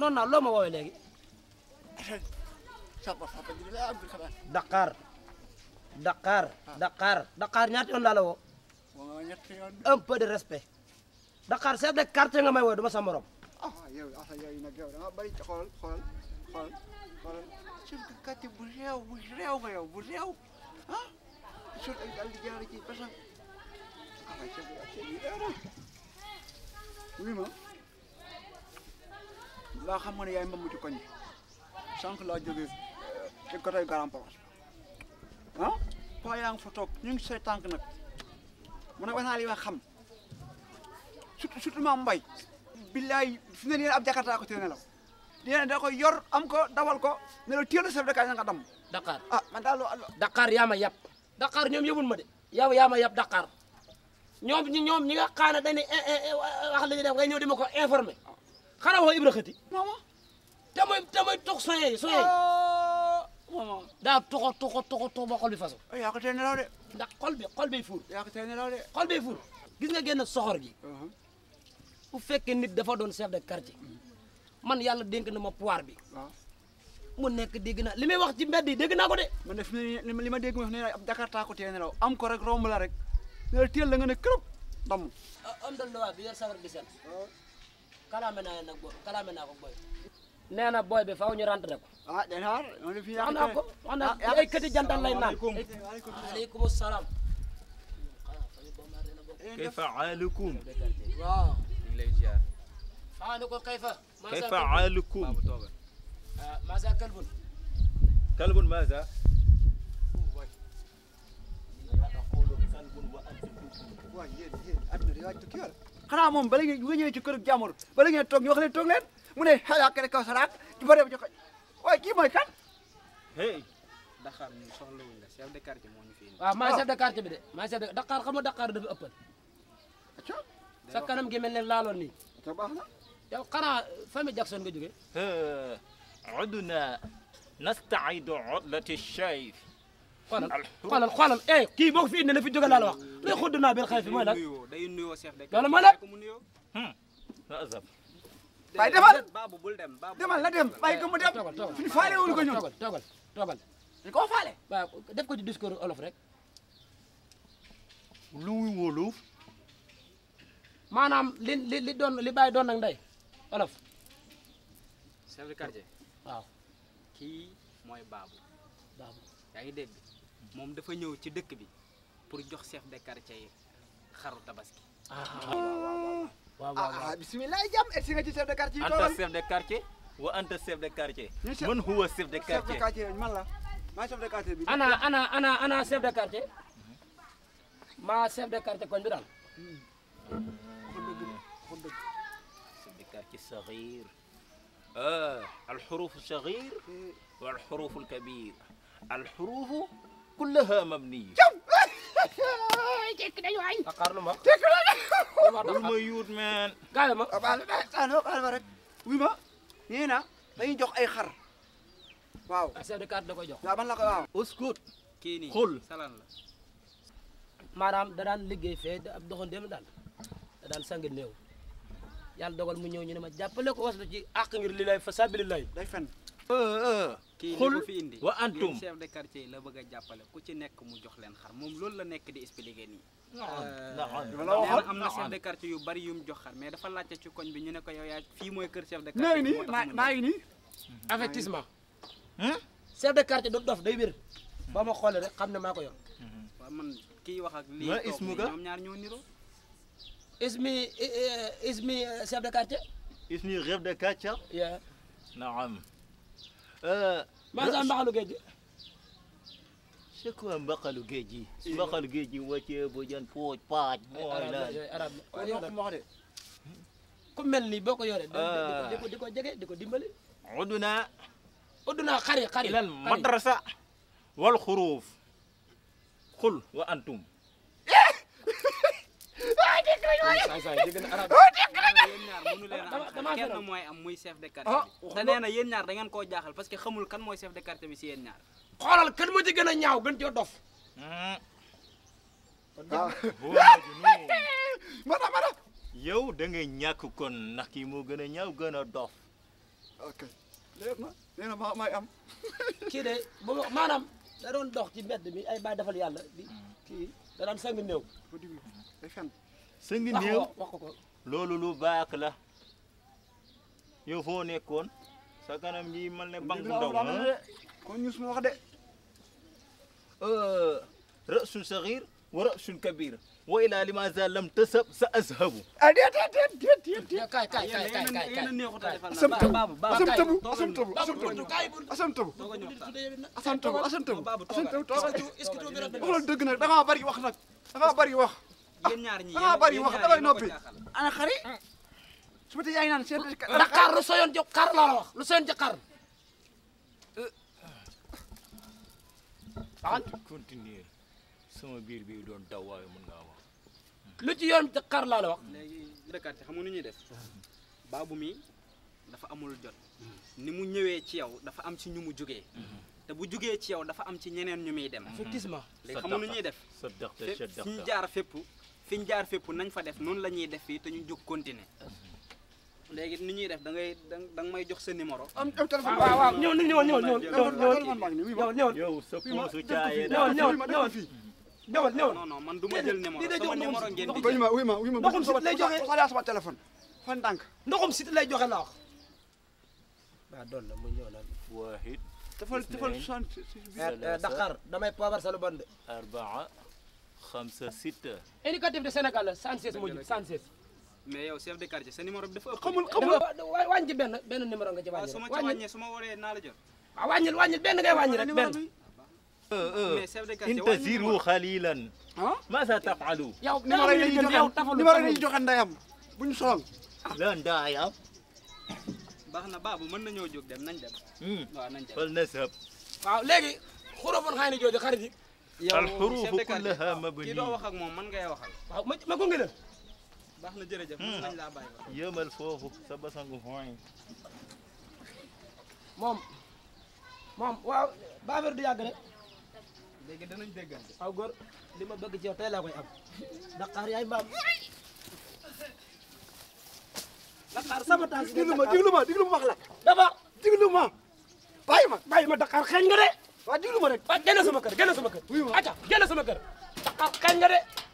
yow na naa loo ma woowee léegi. Dakar. Dakar. Dakar Dakar ñaata yoon la woo. un de respect. Dakar chef de quartier nga may wooye du ma sa morom. ah bu réew bu réew nga yow bu réew ah. su ay dal jaar ci parce que de quartier bi oui laa xam nga ne yaay mbamb ci koñ bi sànq laa jógee euh, ci côté Grand Place ah paa ngi fa toog ñu ngi tànk nag mu ne wax naa li ma xam surtout surtout maam mbay billaay fi ne nii ab jakartaa ko ci nelaw dina da ko yor am ko dawal ko ne la téel a sef dakaay na nga dam Dakar ah man daal loo Dakar yaa ma yab Dakar ñoom yëbul ma de yow yaa ma yab Dakar ñoom ñi ñoom ñi nga xaana dañ ne eh, eh, eh, wax la ñuy def ngay ñëw di ko informé xanaa waxoo Ibra xëti maman damay damay tox soyee soyee oh. maman daa toxo toxo toxo ba xol bi faso yaa ko tee de ndax xol bi xol de xol bay gis nga génn soxor ji uh-huh. bu fekkee nit dafa doon chef de quartier uh-huh. man yàlla dénk na ma pouvoir bi uh-huh. mu nekk dégg naa li may wax ci mbedd dégg naa ko de man def li ma dégg ma wax ne ab Dakar taa ko tee nelaw am ko rek romb la rek ne la teel ne kërëb damm kalaame naa leen nag booy kalaame naa ko booy. nee na booy bi faaw ñu rentré ko. ah den xaar loolu fi wax naa ko wax naa ah, ko ay këti jantal lay naan. waaleykum salaam. kayfa alukum. waaw. ñu ngi lay ziar. ah ni ko kayfa. kayfa alukum. Ah, maasa kalbun. kalbun maasa. waaw yéen yéen xanaa moom bala ngeen bu nga ñëwee ci kër jàmbur bala ngeen toog ñu wax leen toog leen mu ne xelaa kere kaw saraak ci bërëb joxe waaye kii mooy kan. hey Dakar ñu soxla wuñ la chef de quartier moo ñu fi indi. waaw maa oh. chef de quartier bi de maa chef de Dakar xam nga Dakar dafa ëppal. sa kanam gi mel ne laaloon nii. te baax na. yow xanaa famille Jackson nga jógee. udna nastaidu udlati shayf xoolal xoolal xoolal eh kii boo ko fi indi na fi jóge laa la wax lay xudd naa benn xale fi mooy lan loolu mooy lan hmm. waaye demal demal la dem bàyyi ko mu dem suñu faale wuñu ko ñun toogal toogal toogal ñu ko faale waaw ko ci discours olof rek lu muy wóolu maanaam li li doon li bay doon nag ndey olof chef de moom dafa ñëw ci dëkk bi pour jox chef de quartier yi xaru tabaski. Ah, ah, waaw waaw waaw bisimilah et si nga ci chef de quartier yi. anta wa anta chef de quartier. man huwa chef de quartier man la maa chef de quartier bi. ana ana ana ana chef de quartier de quartier koñ de quartier saxiir ah alxurufu saxiir wa alkabir alxurufu. kullaha mabniya. tekki dañu waay. Dakar lu ma. tekki la ma yuut meen. gaale ma. waaw xaaral ma rek. wuy ma nee na dañuy jox ay xar. waaw. chef de carte da koy jox. waaw man la ko waaw. Ouskout. da daan liggéey fee ab doxandeem daal da daan sangi néew yàlla dogal mu ñëw ñu ne ma jàppale ko waslu ci àq ngir li lay fa sabilillahi day fen Euh, euh. xul wa antum kii chef de quartier yi la bëgg jàppale ku ci nekk mu jox leen xar moom loolu la nekk di expliqué nii. ndax euh, am na chef de quartier yu bari yu mu jox xar mais dafa laajte ci koñ bi ñu ne ko yow yaa fii mooy kër chef de quartier. moo tax mu hmm? de quartier du dof day wér. ba ma xoolee rek xam ne maa ko yor. waaw man kii wax ak lii toog ñoom ñaar ñoo niroo. ismi ismi chef de quartier. ismi chef de quartier. naam. Euh, maanaam mbaxalu géej gi. c'est quoi mbaxalu géej gi. mbaxalu géej gi wàccee ba jën ku mel nii boo ko yoree. di jege di ko dimbali. uduna. uduna xari xari. ilal madrasa wal xuruuf xul wa antum. ah dégg nañu waaye kenn mooy am muy chef de ah, quartier bi te nee yéen ñaar da ngeen koo jaaxal parce que xamul kan mooy chef de quartier bi si yéen ñaar xoolal kan ma ci gën a ñaaw gën cee dof ma da ma da yow da kii moo gën a ñaaw gën a dof ok da doon dox ci mbedd mi ay baay defal yàlla di kii da loolu lu baax la yow foo nekkoon sa kanam ñi mel ne banque ndaw ah? kon ñu suma wax de euh, rësu saxiir wa ra'sun kabira wa ila limaza lam tasab sa azhabu adet adet adet adet kay kay kay kay kay kay asam tabu asam tabu asam tabu asam tabu asam tabu asam tabu asam tabu asam tabu waxal dëgg nag da nga bari wax nag da nga bari wax yéen ñaar ñi da nga bari wax da ngay noppi ana xari su ma te yaay naan seen Dakar lu soyoon ci xar la wax lu soyoon ci xar euh. continue sama biir bi doon daw waaye mun ngaa wax. lu ci yoon xar laa la wax. léegi dëkkaat xam nga nu ñuy def baabu mi dafa amul jot ni mu ñëwee ci yow dafa am ci ñu mu jógee te bu jógee ci yow dafa am ci ñeneen ñu muy dem. effectivement léegi xam nga nu ñuy def. fi ñu jaar fépp fi ñu jaar fépp nañ fa def noonu la ñuy def fii te ñu jóg continuer. léegi ni ñuy def da ngay da nga may jox sa numéro. am téléphone ah, waaw waaw newal newal non non man du ma jël numéro sama numéro ngeen di jël ma wuy ma wuy ma ndoxum sit lay joxe xalaat sama téléphone fan tànk ndoxum sit lay joxe la wax waaw doon na mu ñëw nag waahid tafal tafal sant Dakar damay poobar sa lu bon de arbaa xamsa sitta indicatif de Sénégal la 116 moo jub 116 mais yow chef de quartier sa numéro bi dafa ëpp xamul xamul wàññi benn benn numéro nga ci wàññi su ma ci wàññee su ma waree naa la jot waaw ah, wàññil wàññil benn ngay wàññi rek benn intaziru xalilan maasa tafalu yow numéro yi dañuy joxe numéro yi dañuy joxe ndayam buñ soxal lan ndayam baax na baabu mën nañoo jóg dem nañ dem waaw nañ dem fal nasab waaw léegi xurofon xay na jooju xarit yi al xuruf kullaha mabni ki doo wax ak moom mën ngay waxal waaw ma gunge la baax na jërëjëf mos nañ laa bàyyi yëmal foofu sa basangu fooy moom moom waaw ba affaire du yàgg rek léegi danañ déggante. aw góor li ma bëgg ci yow tey laa koy am Dakar yaay mbaam. Dakar sama taas diglu ma diglu ma diglu ma wax la. dafa diglu ma bàyyi ma ma Dakar xeeñ nga de. waaw diglu ma rek. waaw génn sama kër génn sama kër. wuyu ma acca génn sama kër. Dakar xeeñ